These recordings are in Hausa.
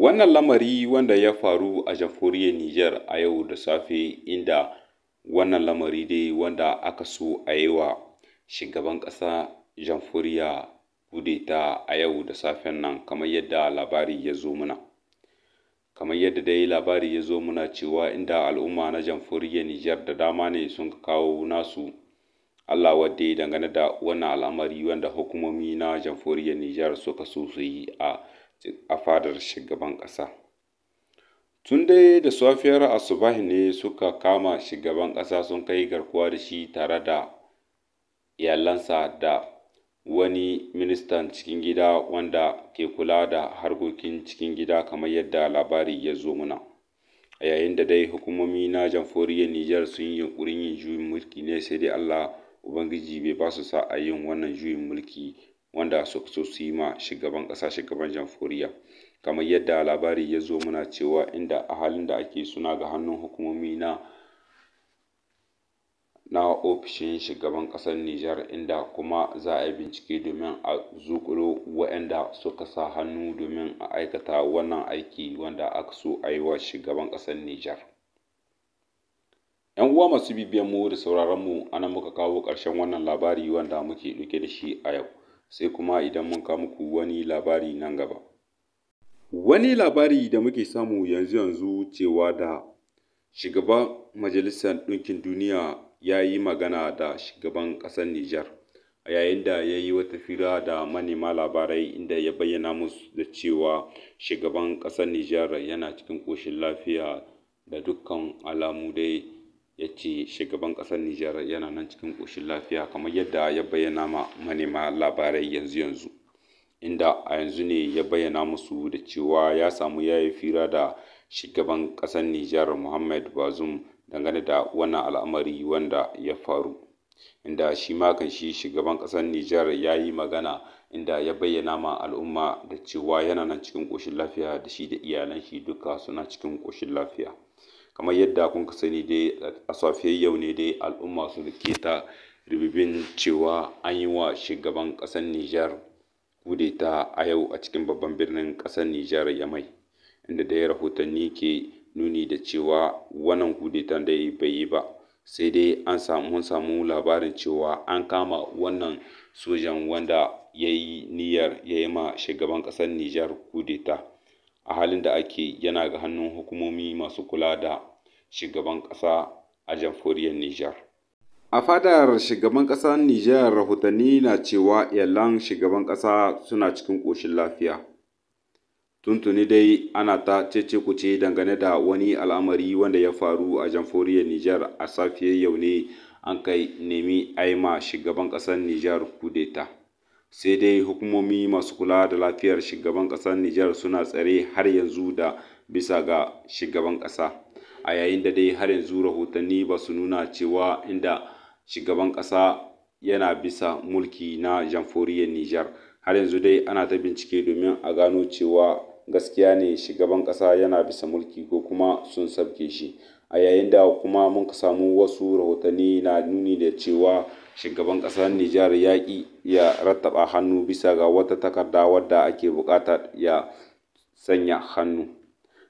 Wannan lamari wanda ya faru a jamhuriyar Nijar a yau da safe inda wannan lamari dai wanda aka so a yi wa shugaban ƙasa jamhuriya kudeta a yau da safen nan kamar yadda labari ya zo muna. Kamar yadda dai labari ya zo muna cewa inda al'umma na jamhuriyar Nijar da dama ne sun kawo nasu Allah wadda dangane da wannan al'amari wanda hukumomi na jamhuriyar Nijar suka so su yi a a fadar shugaban ƙasa. Tun dai da safiyar asubahi ne suka kama shugaban ƙasa sun kai garkuwa da shi tare da iyalansa da wani ministan cikin gida wanda ke kula da harkokin cikin gida kamar yadda labari ya zo muna. A yayin da dai hukumomi na jamhuriyar Nijar sun yi yunƙurin yin juyin mulki ne sai dai Allah Ubangiji bai ba su a yin wannan juyin mulki wanda su so su yi ma shugaban ƙasa shugaban jamhuriya kamar yadda labari ya zo muna cewa inda a halin da ake suna ga hannun hukumomi na na ofishin shugaban ƙasar Nijar inda kuma za a yi bincike domin a zuƙuro waɗanda suka sa hannu domin a aikata wannan aiki wanda aka so a yi wa shugaban ƙasar Nijar. ‘Yan uwa masu bibiyan mu da sauraron mu anan muka kawo ƙarshen wannan labari wanda muke ɗauke da shi a yau. sai kuma idan mun kawo muku wani labari nan gaba. Wani labari da muke samu yanzu yanzu cewa da shugaban Majalisar Ɗinkin Duniya ya yi magana da shugaban ƙasar Nijar a yayin da ya yi wata fira da manema labarai inda ya bayyana musu da cewa shugaban ƙasar Nijar yana cikin ƙoshin lafiya da dukkan alamu dai. ya ce shugaban ƙasar Nijar yana nan cikin ƙoshin lafiya kamar yadda ya bayyana ma manema labarai yanzu yanzu inda a yanzu ne ya bayyana musu da cewa ya samu yayi yi fira da shugaban ƙasar Nijar Muhammad Bazoum dangane da wannan al'amari wanda ya faru inda shi ma kan shi shugaban ƙasar Nijar ya yi magana inda ya bayyana ma al'umma da cewa yana nan cikin ƙoshin lafiya da shi da iyalan shi duka suna cikin ƙoshin lafiya. kamar yadda kun sani dai a safiyar yau ne dai al'umma su ke ta ribibin cewa an yi wa shugaban ƙasar Nijar kudeta a yau a cikin babban birnin ƙasar Nijar ya mai inda dai rahotanni ke nuni da cewa wannan kudetan da bai yi ba sai dai an samu samu labarin cewa an kama wannan sojan wanda ya yi niyyar ya ma shugaban ƙasar Nijar kudeta. a halin da ake yana ga hannun hukumomi masu kula da shugaban ƙasa a jamhuriyar Nijar. A fadar shugaban ƙasar Nijar rahotanni na cewa iyalan shugaban ƙasa suna cikin ƙoshin lafiya. Tuntuni dai ana ta cece kuce dangane da wani al'amari wanda ya faru a jamhuriyar Nijar a safiyar yau ne an kai nemi aima shugaban ƙasar Nijar kudeta. sai dai hukumomi masu kula da lafiyar shugaban ƙasar Nijar suna tsare har yanzu da bisa ga shugaban kasa a yayin da dai har yanzu rahotanni ba su nuna cewa inda shugaban kasa yana bisa mulki na jamhuriyar Nijar har yanzu dai ana ta bincike domin a gano cewa gaskiya ne shugaban kasa yana bisa mulki ko kuma sun sabke shi a yayin da kuma muka samu wasu rahotanni na nuni da cewa shugaban ƙasar Nijar ya ki ya rattaba hannu bisa ga wata takarda wadda ake bukatar ya sanya hannu.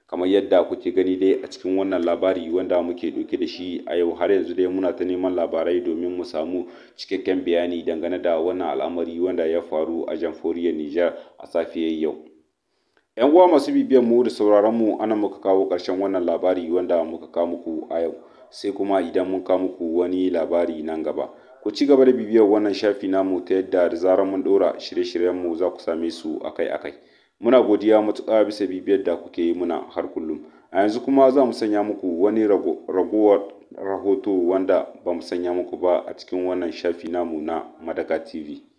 Kamar yadda kuke gani dai a cikin wannan labari wanda muke ɗauke da shi a yau har yanzu dai muna ta neman labarai domin mu samu cikakken bayani dangane da wannan al'amari wanda ya faru a jamhuriyar Nijar a safiyar yau. 'Yan uwa masu bibiyan mu da sauraron mu ana muka kawo ƙarshen wannan labari wanda muka kawo muku a yau sai kuma idan mun kawo muku wani labari nan gaba. Ku ci gaba da bibiyar wannan shafi namu ta yadda da zarar mun ɗora shirye-shiryen mu za ku same su akai-akai. Muna godiya matuƙa bisa bibiyar da kuke yi muna har kullum. A yanzu kuma za mu sanya muku wani ragowar rahoto wanda ba mu sanya muku ba a cikin wannan shafi namu na Madaka TV.